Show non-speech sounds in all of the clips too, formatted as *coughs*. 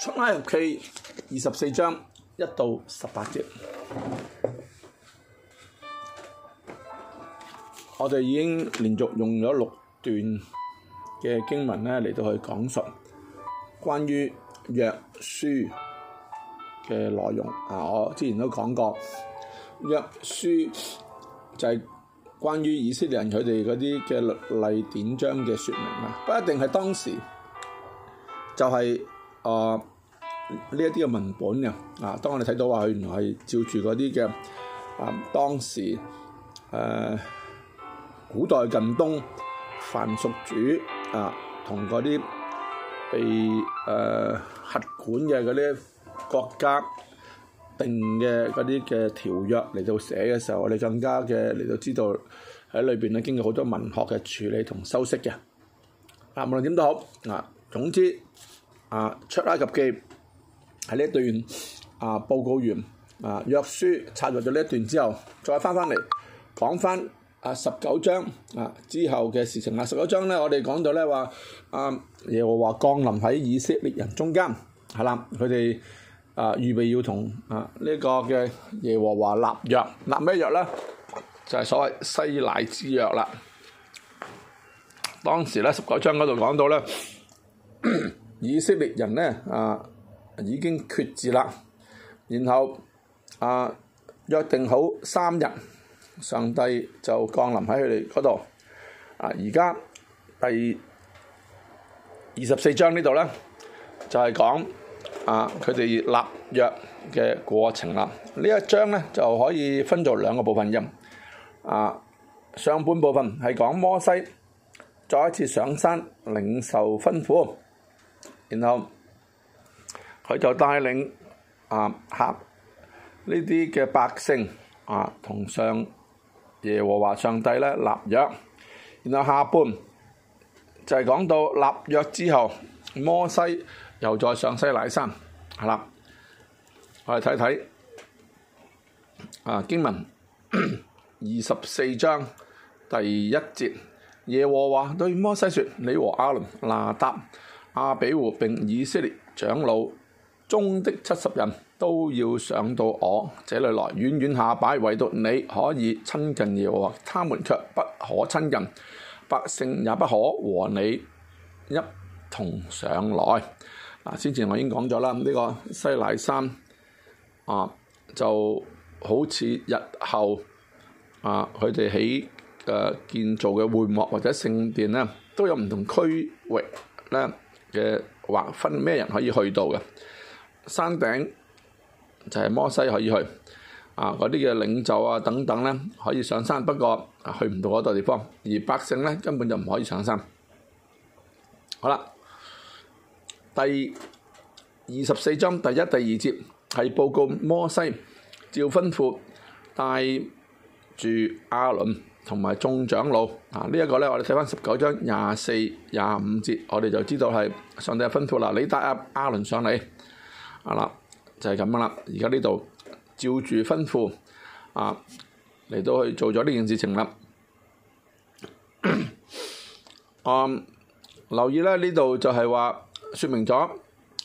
出埃及二十四章一到十八節，我哋已經連續用咗六段嘅經文咧嚟到去講述關於約書嘅內容。啊，我之前都講過，約書就係關於以色列人佢哋嗰啲嘅律例典章嘅説明啦，不一定係當時就係，是，啊。呃呢一啲嘅文本嘅啊，當我哋睇到話，佢原來係照住嗰啲嘅啊，當時誒古代近東凡屬主啊，同嗰啲被誒轄管嘅嗰啲國家定嘅嗰啲嘅條約嚟到寫嘅時候，我哋更加嘅嚟到知道喺裏邊咧經過好多文學嘅處理同修飾嘅啊，無論點都好啊，總之啊，出埃及記。喺呢段啊，報告完啊，約書插入咗呢一段之後，再翻翻嚟講翻啊，十九章啊之後嘅事情啊。十九章咧，我哋講到咧話，啊耶和華降臨喺以色列人中間，係啦，佢哋啊預備要同啊呢個嘅耶和華立約，立咩約咧？就係所謂西乃之約啦。當時咧，十九章嗰度講到咧， *coughs* 以色列人咧啊～已經決志啦，然後啊約定好三日，上帝就降臨喺佢哋嗰度。啊，而家第二十四章呢度咧，就係講啊佢哋立約嘅過程啦。呢一章咧就可以分做兩個部分咁。啊上半部分係講摩西再一次上山領受吩咐，然後，佢就帶領啊，客呢啲嘅百姓啊，同上耶和華上帝咧立約，然後下半就係、是、講到立約之後，摩西又再上西乃山，係啦，我哋睇睇啊經文二十四章第一節，耶和華對摩西説：你和亞倫、拿達、亞比戶並以色列長老。中的七十人都要上到我這裏來，遠遠下拜，唯獨你可以親近耶和華，他們卻不可親近，百姓也不可和你一同上來。先前我已經講咗啦，呢、這個西乃山啊，就好似日後啊，佢哋起建造嘅會幕或者聖殿咧，都有唔同區域咧嘅劃分，咩人可以去到嘅。山頂就係摩西可以去，啊嗰啲嘅領袖啊等等咧可以上山，不過去唔到嗰度地方，而百姓咧根本就唔可以上山。好啦，第二十四章第一、第二節係報告摩西，照吩咐帶住亞倫同埋眾長老。啊，這個、呢一個咧，我哋睇翻十九章廿四、廿五節，我哋就知道係上帝吩咐啦，你帶亞亞倫上嚟。好啦，就係、是、咁樣啦，而家呢度照住吩咐，啊嚟到去做咗呢件事情啦。 *coughs* 啊，留意咧，呢度就係話説明咗，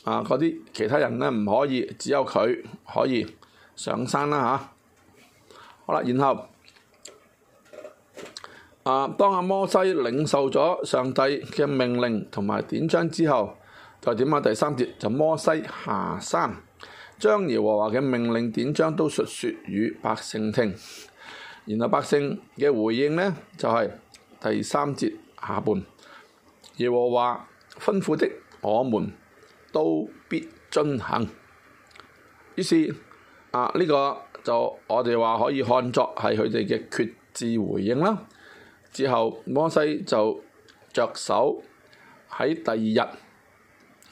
啊嗰啲其他人咧唔可以，只有佢可以上山啦吓、啊、好啦，然後啊，當阿摩西領受咗上帝嘅命令同埋典章之後。再點啊？第三節就摩西下山，將耶和華嘅命令典章都述説與百姓聽。然後百姓嘅回應呢，就係、是、第三節下半，耶和華吩咐的，我們都必遵行。於是啊，呢、這個就我哋話可以看作係佢哋嘅決志回應啦。之後摩西就着手喺第二日。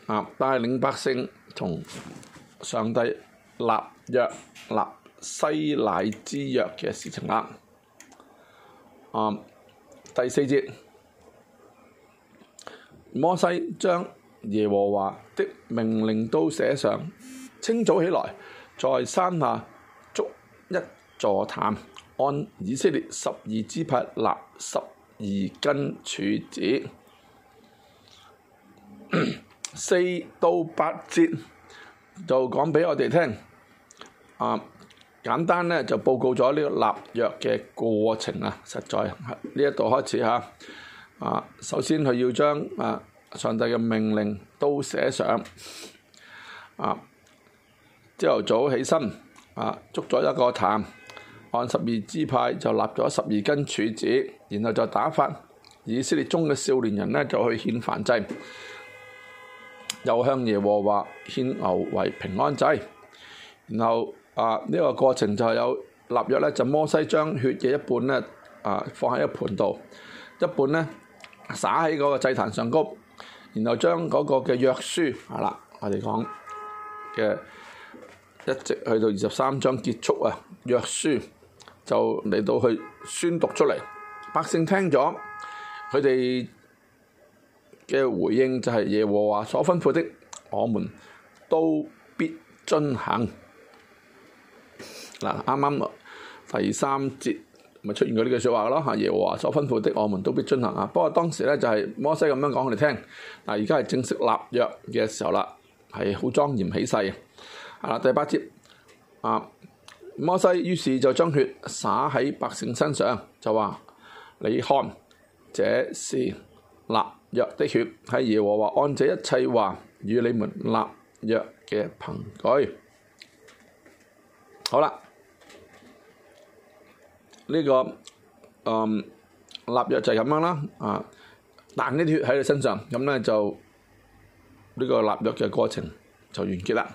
啊！帶領百姓同上帝立約立西乃之約嘅事情啦、嗯。第四節，摩西將耶和華的命令都寫上。清早起來，在山下築一座壇，按以色列十二支派立十二根柱子。 *coughs* 四到八節就講俾我哋聽，啊簡單咧就報告咗呢個立約嘅過程啊！實在呢一度開始吓，啊首先佢要將啊上帝嘅命令都寫上，啊朝頭早起身，啊築咗一個壇，按十二支派就立咗十二根柱子，然後就打發以色列中嘅少年人呢就去獻燔祭。又向耶和華獻牛為平安祭，然後啊呢個過程就有立約咧，就摩西將血嘅一半咧啊放喺一個盤度，一半咧灑喺嗰個祭壇上高，然後將嗰個嘅約書係啦，我哋講嘅一直去到二十三章結束啊，約書就嚟到去宣讀出嚟，百姓聽咗佢哋，他嘅回應就係耶和華所吩咐的，我們都必遵行。嗱，啱啱第三節咪出現過呢句說話嘅咯，嚇耶和華所吩咐的，我們都必遵行啊！不過當時咧就係摩西咁樣講我哋聽，嗱而家係正式立約嘅時候啦，係好莊嚴起勢。啊，第八節，啊摩西於是就將血灑喺百姓身上，就話：你看，這是，立約的血，係耶和華按這一切話與你們立約嘅憑據。好啦，呢、這個啊立約就係咁樣啦，啊彈呢啲血喺你身上，咁咧就呢、這個立約嘅過程就完結啦。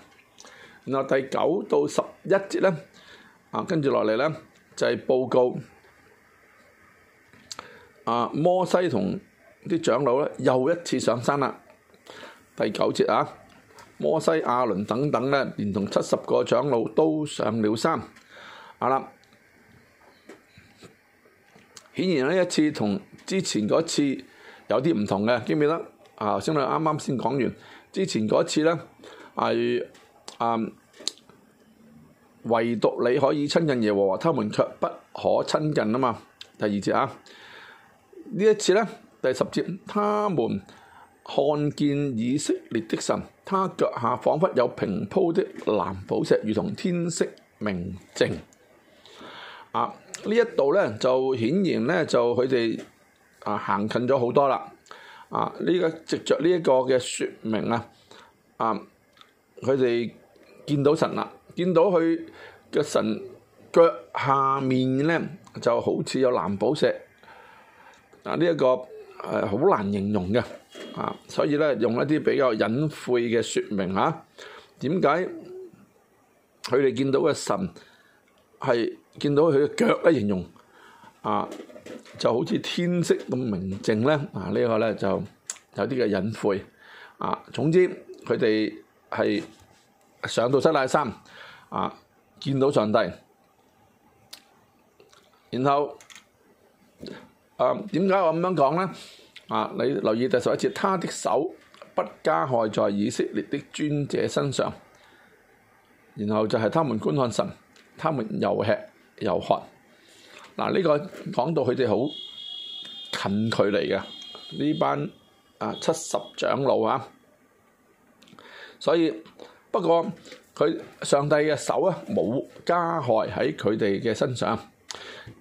然後第九到十一節咧，啊跟住落嚟咧就係、是、報告啊摩西同。啲長老咧又一次上山啦，第九節啊，摩西亞倫等等咧，連同七十個長老都上了山，啊啦！顯然呢一次同之前嗰次有啲唔同嘅，記唔記得？啊，頭先啱啱先講完，之前嗰次咧係啊，啊，唯獨你可以親近耶和華，他們卻不可親近啊嘛。第二節啊，呢一次咧。第十節，他們看見以色列的神，他腳下仿佛有平鋪的藍寶石，如同天色明淨。啊，呢一度呢，就顯然呢，就佢哋啊行近咗好多啦。啊，呢、啊這個藉着呢一個嘅説明啊，啊，佢哋見到神啦，見到佢嘅神腳下面呢，就好似有藍寶石。啊，呢、這、一個。係好難形容嘅，啊，所以咧用一啲比較隱晦嘅説明嚇，點解佢哋見到嘅神係見到佢嘅腳咧形容，啊，就好似天色咁明淨咧，啊、這個、呢個咧就有啲嘅隱晦，啊，總之佢哋係上到西奈山，啊見到上帝，然後。誒點解我咁樣講咧？啊，你留意第十一節，他的手不加害在以色列的尊者身上。然後就係他們觀看神，他們又吃又喝。嗱、啊，呢、這個講到佢哋好近距離嘅呢班啊七十長老啊，所以不過佢上帝嘅手咧冇加害喺佢哋嘅身上。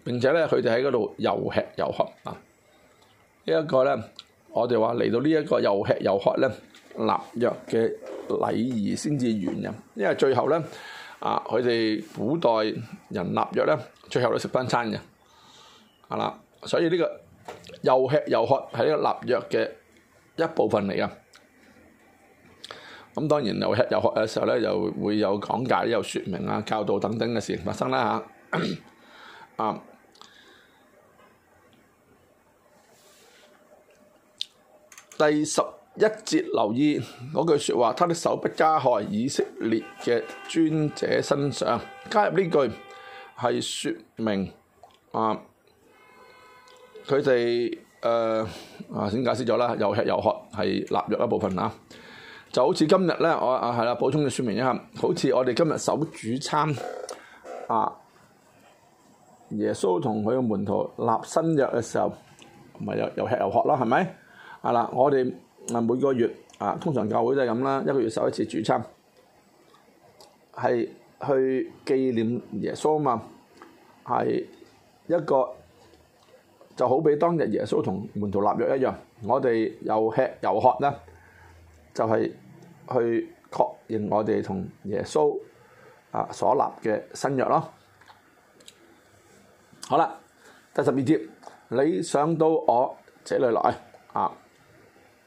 並且咧，佢哋喺嗰度又吃又喝啊！呢一個咧，我哋話嚟到游游呢一個又吃又喝咧，立約嘅禮儀先至完人，因為最後咧，啊佢哋古代人立約咧，最後都食返餐嘅，係啦，所以呢個又吃又喝係呢個立約嘅一部分嚟噶。咁當然又吃又喝嘅時候咧，又會有講解、有説明啊、教導等等嘅事情發生啦嚇。啊啊、第十一節留意嗰句説話，他的手不加害以色列嘅尊者身上。加入呢句係説明啊，佢哋、呃、啊先解釋咗啦，又吃又喝係納藥一部分啊。就好似今日呢，我啊係啦、啊，補充嘅説明一下，好似我哋今日守主餐啊。耶穌同佢個門徒立新約嘅時候，咪又又吃又喝咯，係咪？係喇，我哋啊每個月啊，通常教會都係咁啦，一個月受一次主餐，係去紀念耶穌啊嘛，係一個就好比當日耶穌同門徒立約一樣，我哋又吃又喝啦，就係去確認我哋同耶穌啊所立嘅新約咯。好啦，第十二節，你上到我這裏來，啊，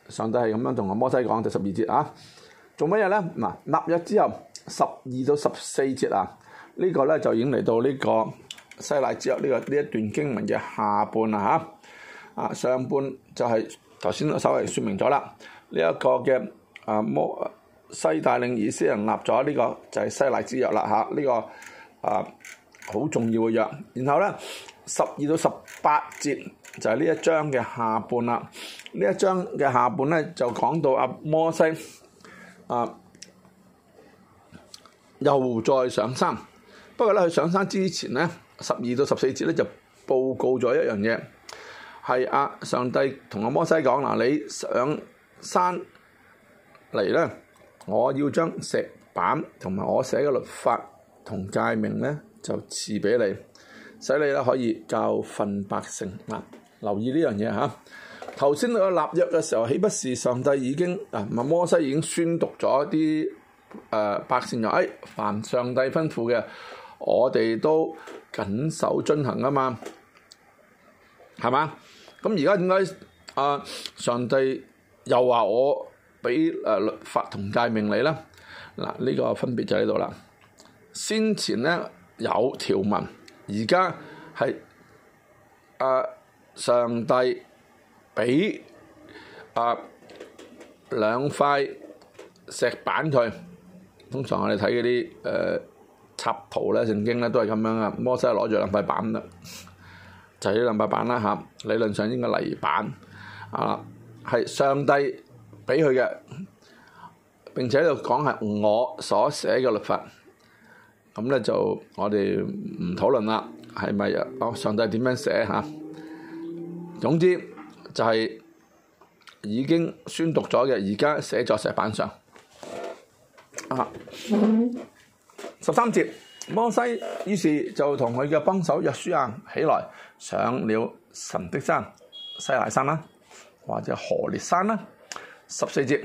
上帝係咁樣同阿摩西講，第十二節啊，做乜嘢咧？嗱、啊，立約之後，十二到十四節啊，這個、呢個咧就已經嚟到呢個西奈之約呢、這個呢一段經文嘅下半啦嚇，啊上半就係頭先稍微説明咗啦，呢、這、一個嘅啊摩西帶領以色列人立咗呢個就係西奈之約啦嚇，呢個啊。這個啊好重要嘅約，然後咧十二到十八節就係、是、呢一章嘅下半啦。呢一章嘅下半咧就講到阿、啊、摩西啊又再上山，不過咧佢上山之前咧十二到十四節咧就報告咗一樣嘢，係阿、啊、上帝同阿、啊、摩西講嗱、啊：你上山嚟咧，我要將石板同埋我寫嘅律法同界名咧。就賜俾你，使你啦！可以教訓百姓啊！留意呢樣嘢嚇。頭先你個立約嘅時候，豈不是上帝已經啊？摩西已經宣讀咗一啲誒、呃、百姓話，哎，凡上帝吩咐嘅，我哋都謹守遵行啊嘛，係嘛？咁而家點解啊？上帝又話我俾誒、呃、法同誡命你啦？嗱、呃，呢、呢個分別就喺度啦。先前咧。有條文，而家係阿上帝畀阿兩塊石板佢。通常我哋睇嗰啲誒插圖咧，聖經咧都係咁樣啊，摩西攞住兩塊板啦，就係呢兩塊板啦嚇、啊。理論上應該泥板啊，係上帝畀佢嘅。並且喺度講係我所寫嘅律法。咁咧就我哋唔討論啦，係咪啊？哦，上帝點樣寫嚇、啊？總之就係已經宣讀咗嘅，而家寫咗石板上。啊，十三節，摩西於是就同佢嘅幫手約書亞起來上了神的山，西乃山啦、啊，或者何烈山啦、啊。十四節，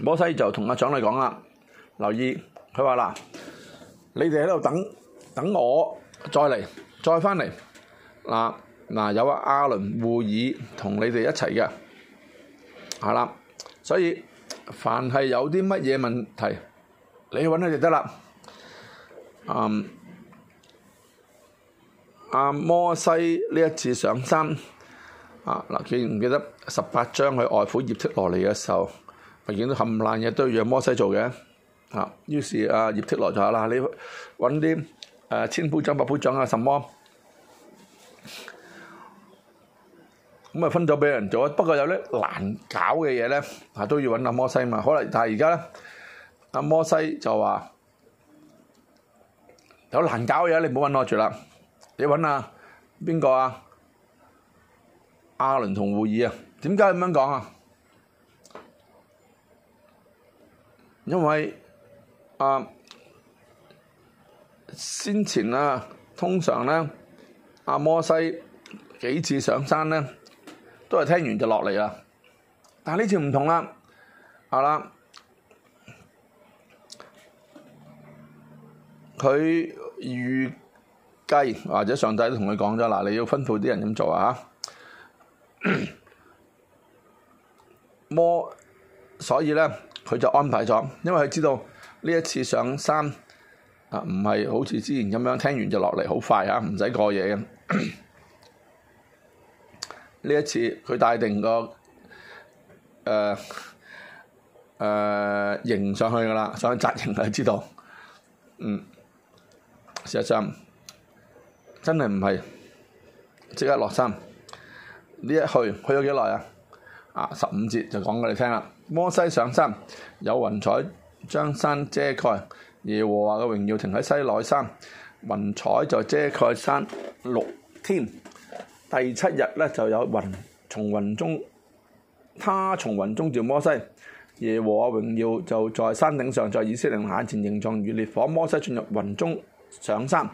摩西就同阿長利講啦。留意佢話，嗱，你哋喺度等等我再嚟再返嚟。嗱，嗱有阿阿倫戶珥同你哋一齊嘅，係啦，所以凡係有啲乜嘢問題，你去揾佢就得啦。嗯，阿摩西呢一次上山啊，嗱，記唔記得十八章佢外父葉忒羅嚟嘅時候，咪見到冚爛嘢都要讓摩西做嘅？嗱，於是啊，葉忒羅咗啦，你揾啲誒千夫長、百夫長啊，什麼咁啊，分咗俾人做。不過有啲難搞嘅嘢咧，啊都要揾阿摩西嘛。可能但係而家咧，阿摩西就話有難搞嘅嘢，你唔好揾我住啦，你揾啊邊個啊？阿倫同戶珥啊，點解咁樣講啊？因為啊！先前啊，通常咧，阿摩西幾次上山咧，都係聽完就落嚟啦。但係呢次唔同啦，係、啊、啦，佢預計或者上帝都同佢講咗啦，你要吩咐啲人點做啊！摩，所以咧，佢就安排咗，因為佢知道。呢一次上山啊，唔係好似之前咁樣聽完就落嚟，好快嚇，唔使過夜嘅。呢 *coughs* 一次佢帶定個誒誒營上去㗎啦，上去紮營就知道。嗯，事實上真係唔係即刻落山。呢一去去咗幾耐啊？啊，十五節就講過你聽啦。摩西上山有雲彩，將山遮蓋，耶和華嘅榮耀停喺西奈山，雲彩就遮蓋山，六天。第七日咧就有雲，從雲中，他從雲中召摩西，耶和華榮耀就在山頂上，在以色列眼前形狀如烈火。摩西進入雲中上山，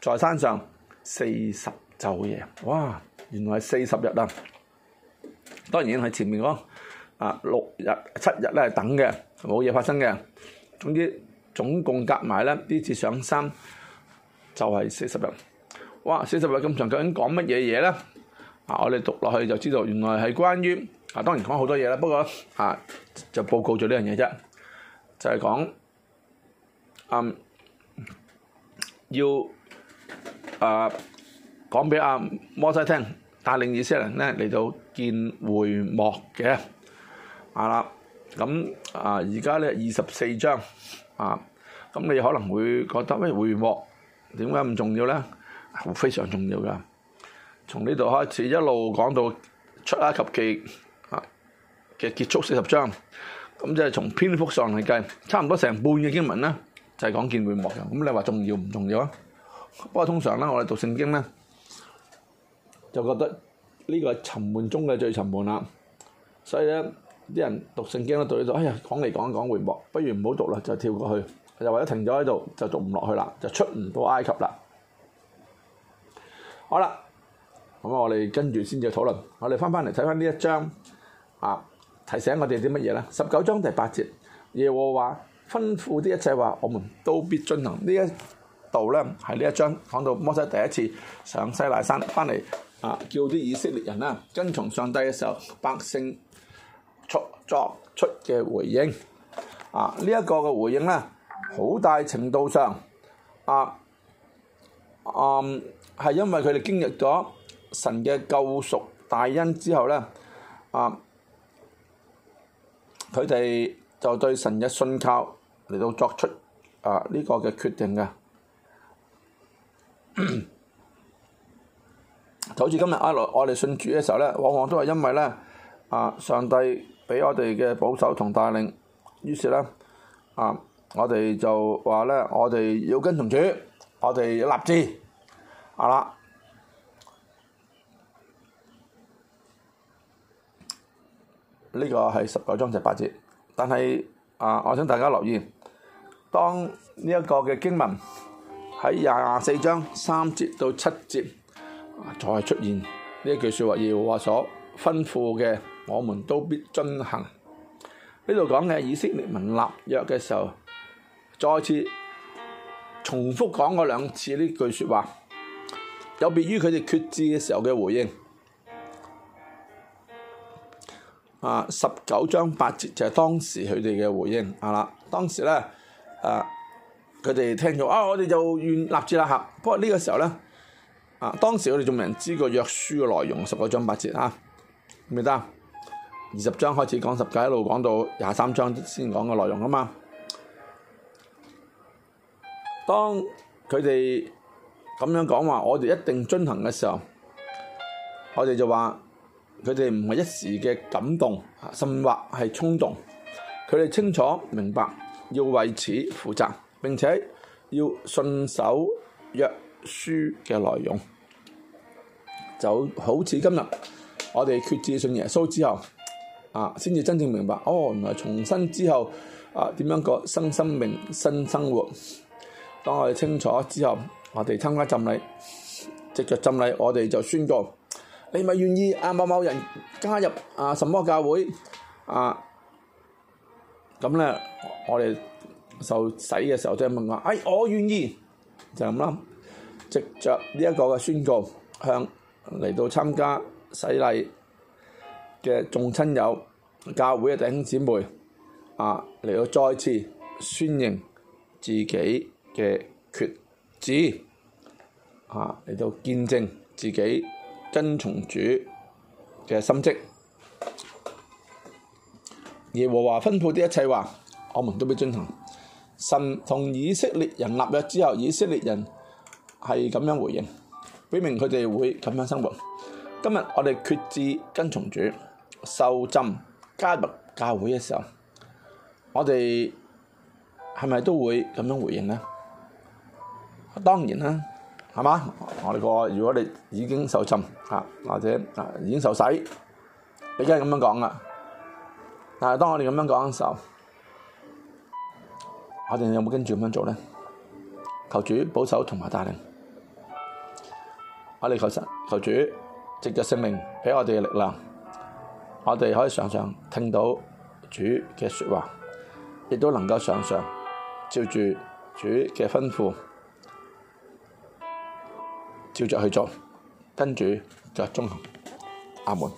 在山上四十晝夜。哇！原來係四十日啊！當然係前面講啊，六日七日咧係等嘅。冇嘢發生嘅，總之總共夾埋咧，呢次上山就係四十日。哇！四十日咁長，究竟講乜嘢嘢咧？啊，我哋讀落去就知道，原來係關於啊，當然講好多嘢啦。不過啊，就報告咗呢樣嘢啫，就係講啊，要啊講俾阿摩西聽，帶領以色列人咧嚟到見會幕嘅，啊啦。咁啊，而家咧二十四章啊，咁你可能會覺得咩會幕點解咁重要咧？非常重要噶，從呢度開始一路講到出埃及記啊嘅結束四十章，咁即係從篇幅上嚟計，差唔多成半嘅經文咧就係講見會幕嘅，咁你話重要唔重要啊？不過通常咧，我哋讀聖經咧就覺得呢個係沉悶中嘅最沉悶啦，所以咧。啲人讀聖經都讀喺度，哎呀講嚟講一講回報，不如唔好讀啦，就跳過去，又或者停咗喺度，就讀唔落去啦，就出唔到埃及啦。好啦，咁我哋跟住先至討論，我哋翻翻嚟睇翻呢一章啊，提醒我哋啲乜嘢咧？十九章第八節，耶和華吩咐啲一切話，我們都必遵行。一呢一度咧，喺呢一章講到摩西第一次上西奈山翻嚟啊，叫啲以色列人啦跟從上帝嘅時候，百姓。作出嘅回應，啊呢一個嘅回應咧，好大程度上，啊啊，係、嗯、因為佢哋經歷咗神嘅救贖大恩之後咧，啊，佢哋就對神嘅信靠嚟到作出啊呢個嘅決定嘅， *coughs* 就好似今日阿來我哋信主嘅時候咧，往往都係因為咧，啊上帝。俾我哋嘅保守同帶領，於是咧，啊，我哋就話咧，我哋要跟從主，我哋要立志，啊啦，呢個係十九章十八節。但係啊，我請大家留意，當呢一個嘅經文喺廿四章三節到七節啊，再出現呢一句説話，耶和華所吩咐嘅。我們都必遵行，呢度講嘅以色列文立約嘅時候，再次重複講過兩次呢句説話，有別於佢哋決志嘅時候嘅回應。啊，十九章八節就係當時佢哋嘅回應啊啦。當時咧，啊佢哋聽咗啊，我哋就願立志立合。不過呢個時候咧，啊當時佢哋仲未人知個約書嘅內容，十九章八節。啊，未啊得。二十章開始講十戒，一路講到廿三章先講嘅內容啊嘛。當佢哋咁樣講話，我哋一定遵行嘅時候，我哋就話佢哋唔係一時嘅感動、甚或係衝動，佢哋清楚明白要為此負責，並且要順守約書嘅內容，就好似今日我哋決志信耶穌之後。啊！先至真正明白，哦，原來重生之後，啊點樣個新生，生命、新生，生活。當我哋清楚之後，我哋參加浸禮，藉着浸禮，我哋就宣告，你咪願意啊某某人加入啊什麼教會啊？咁咧，我哋受洗嘅時候即係問我，哎，我願意，就咁啦。藉着呢一個嘅宣告，向嚟到參加洗禮。嘅眾親友、教會嘅弟兄姊妹，啊嚟到再次宣認自己嘅決志，啊嚟到見證自己跟從主嘅心跡。耶和華吩咐啲一切話，我們都必遵行。神同以色列人立約之後，以色列人係咁樣回應，表明佢哋會咁樣生活。今日我哋決志跟從主。受浸加入教會嘅時候，我哋係咪都會咁樣回應呢？當然啦，係嘛？我哋個，如果你已經受浸啊，或者啊已經受洗，你梗係咁樣講啦。但係當我哋咁樣講嘅時候，我哋有冇跟住咁樣做呢？求主保守同埋帶領，我哋求神求主藉着聖靈，畀我哋嘅力量。我哋可以常常聽到主嘅説話，亦都能夠常常照住主嘅吩咐照着去做，跟住腳蹤行，阿門。